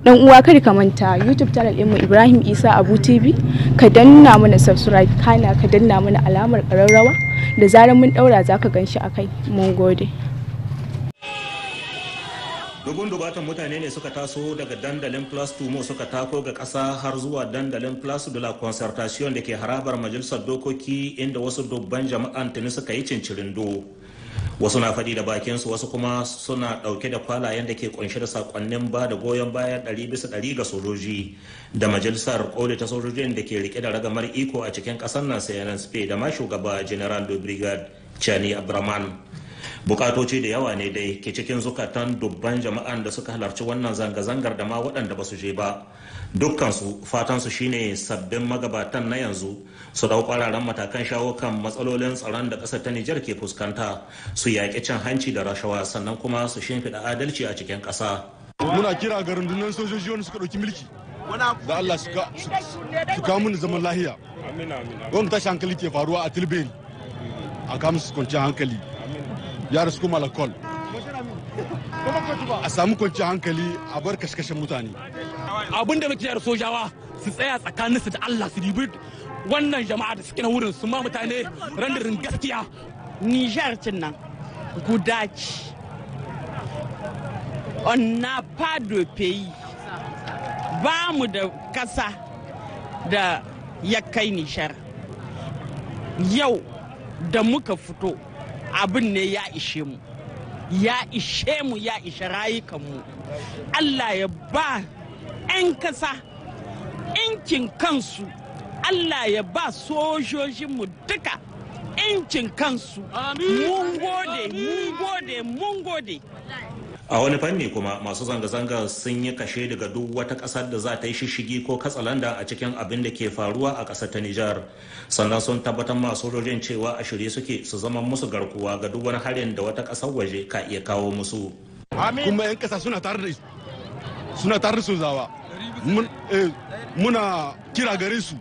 dan uwa kada ka manta youtube channel mu ibrahim isa abu tv ka danna mana subscribe kana ka danna mana alamar kararrawa da zarar mun daura za ka ganshi a kai mun gode dubun dubatan mutane ne suka taso daga dandalin plus tumo suka tako ga kasa har zuwa dandalin plus de la concertation da ke harabar majalisar dokoki inda wasu dubban jama'an tuni suka yi cincirindo wasu na faɗi da bakinsu wasu kuma suna ɗauke da kwalayen da ke kunshe da sakonnin ba da goyon baya ɗari bisa ɗari ga sojoji da majalisar koli ta sojojin da ke rike da ragamar iko a cikin ƙasar nan sayanan spain da ma shugaba general de brigade chani abraman bukatoci da yawa ne dai ke cikin zukatan dubban jama'an da suka halarci wannan zanga-zangar da ma waɗanda ba su je ba dukkansu fatansu shine sabbin magabatan na yanzu su dau kwararren matakan shawo kan matsalolin tsaron da ƙasar ta nijar ke fuskanta su yaƙi cin hanci da rashawa sannan kuma su shimfiɗa adalci a cikin ƙasa muna kira ga rundunar sojoji wanda suka ɗauki mulki da allah su kawo mun zaman lahiya wanda tashi hankali ke faruwa a tilbeni a kamsu kwanciyar hankali ya rasu kuma alkol a samu kwanci hankali a bar kashe mutane abin da muke yar sojawa su tsaya tsakanin su da allah su ribi wannan jama'a da suke na wurin su ma mutane randarin gaskiya nijar cin nan guda ci na fado peyi ba mu da kasa da ya kai nishar yau da muka fito abin ne ya ishe mu ya ishe mu ya ishe rayukanmu allah ya ba 'yan kasa inkin kansu allah ya ba sojojinmu duka inkin kansu mun gode mun gode mun gode a wani fanni kuma masu zanga-zanga sun yi kashe daga duk wata kasar da za ta yi shishigi ko katsalanda a cikin abin da ke faruwa a kasar ta nijar sannan sun tabbatar masu rojin cewa a shirye suke su zama musu garkuwa ga duk wani harin da wata ƙasar waje ka iya kawo musu kuma 'yan ƙasa suna tare suna tare eh, muna kira gare su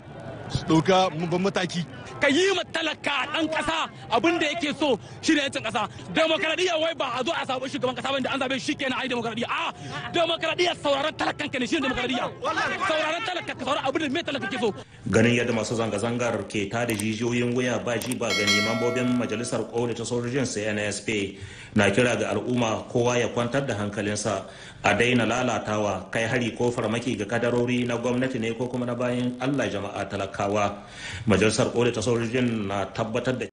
ɗauka babban mataki. Ka yi ma talaka ɗan ƙasa abin da yake so shi ne yancin ƙasa. Demokaradiyya wai ba a zo a zaɓi shugaban ƙasa bane da an zabe shi kenan ai demokaradiyya. A demokaradiyya sauraron talakan kenan shi ne demokaradiyya. Sauraron talaka ka sauraron abin da me talaka ke so. Ganin yadda masu zanga-zangar ke da jijiyoyin wuya ba ji ba gani mambobin majalisar ƙoli ta sojojin nsp na kira ga al'umma kowa ya kwantar da hankalinsa a daina lalatawa kai hari ko farmaki ga kadarori na gwamnati ne ko kuma na bayan Allah jama'a talakawa. cewa majalisar koli ta sojojin na tabbatar da